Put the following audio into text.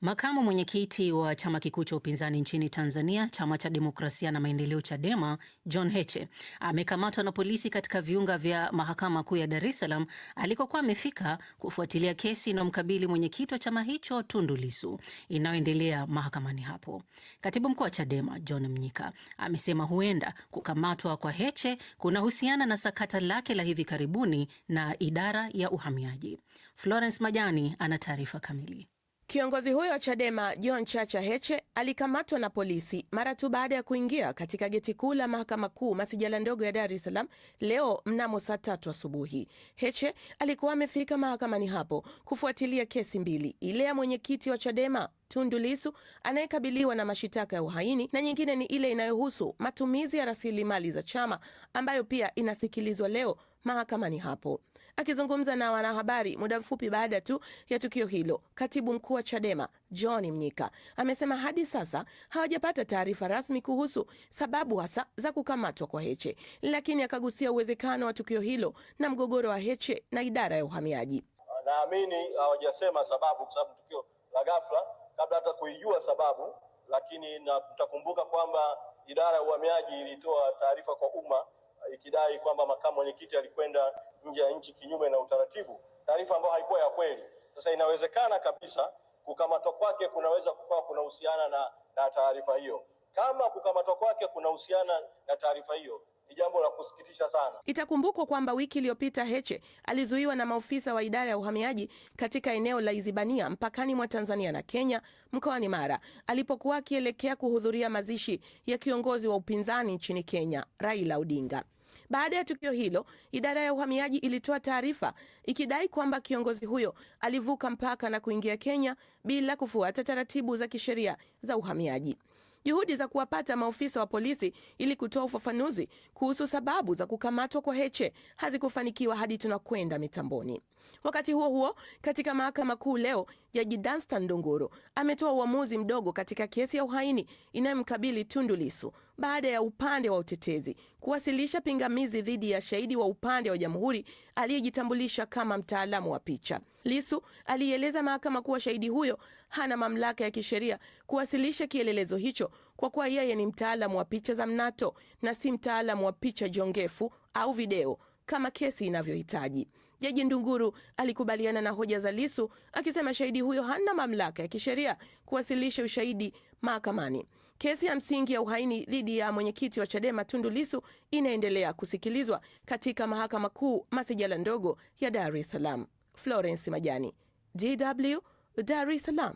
Makamu mwenyekiti wa chama kikuu cha upinzani nchini Tanzania, chama cha demokrasia na maendeleo Chadema, John Heche amekamatwa na polisi katika viunga vya mahakama kuu ya Dar es Salaam alikokuwa amefika kufuatilia kesi inayomkabili mwenyekiti wa chama hicho Tundu Lissu inayoendelea mahakamani hapo. Katibu mkuu wa Chadema John Mnyika amesema huenda kukamatwa kwa Heche kunahusiana na sakata lake la hivi karibuni na idara ya uhamiaji. Florence Majani ana taarifa kamili. Kiongozi huyo wa Chadema John Chacha Heche alikamatwa na polisi mara tu baada ya kuingia katika geti kuu la mahakama kuu masijala ndogo ya Dar es Salaam leo mnamo saa tatu asubuhi. Heche alikuwa amefika mahakamani hapo kufuatilia kesi mbili, ile ya mwenyekiti wa Chadema Tundu Lissu anayekabiliwa na mashitaka ya uhaini na nyingine ni ile inayohusu matumizi ya rasilimali za chama ambayo pia inasikilizwa leo mahakamani hapo. Akizungumza na wanahabari muda mfupi baada tu ya tukio hilo, katibu mkuu wa Chadema John Mnyika amesema hadi sasa hawajapata taarifa rasmi kuhusu sababu hasa za kukamatwa kwa Heche, lakini akagusia uwezekano wa tukio hilo na mgogoro wa Heche na idara ya uhamiaji. Naamini hawajasema sababu, kwa sababu tukio la ghafla, kabla hata kuijua sababu, lakini na tutakumbuka kwamba idara ya uhamiaji ilitoa taarifa kwa umma ikidai kwamba makamu mwenyekiti alikwenda nje ya nchi kinyume na utaratibu, taarifa ambayo haikuwa ya kweli. Sasa inawezekana kabisa kukamatwa kwake kunaweza kukawa kunahusiana na, na taarifa hiyo. Kama kukamatwa kwake kunahusiana na taarifa hiyo ni jambo la kusikitisha sana. Itakumbukwa kwamba wiki iliyopita Heche alizuiwa na maofisa wa idara ya uhamiaji katika eneo la Izibania mpakani mwa Tanzania na Kenya mkoani Mara alipokuwa akielekea kuhudhuria mazishi ya kiongozi wa upinzani nchini Kenya Raila Odinga. Baada ya tukio hilo, idara ya uhamiaji ilitoa taarifa ikidai kwamba kiongozi huyo alivuka mpaka na kuingia Kenya bila kufuata taratibu za kisheria za uhamiaji. Juhudi za kuwapata maofisa wa polisi ili kutoa ufafanuzi kuhusu sababu za kukamatwa kwa Heche hazikufanikiwa hadi tunakwenda mitamboni. Wakati huo huo, katika mahakama kuu leo, jaji Danstan Ndunguru ametoa uamuzi mdogo katika kesi ya uhaini inayomkabili Tundu Lissu baada ya upande wa utetezi kuwasilisha pingamizi dhidi ya shahidi wa upande wa jamhuri aliyejitambulisha kama mtaalamu wa picha. Lisu alieleza mahakama kuwa shahidi huyo hana mamlaka ya kisheria kuwasilisha kielelezo hicho kwa kuwa yeye ni mtaalamu wa picha za mnato na si mtaalamu wa picha jongefu au video kama kesi inavyohitaji. Jaji Ndunguru alikubaliana na hoja za Lisu akisema shahidi huyo hana mamlaka ya kisheria kuwasilisha ushahidi mahakamani. Kesi ya msingi ya uhaini dhidi ya mwenyekiti wa Chadema Tundu Lissu inaendelea kusikilizwa katika Mahakama Kuu masijala ndogo ya Dar es Salaam. Florence Majani, DW, Dar es Salaam.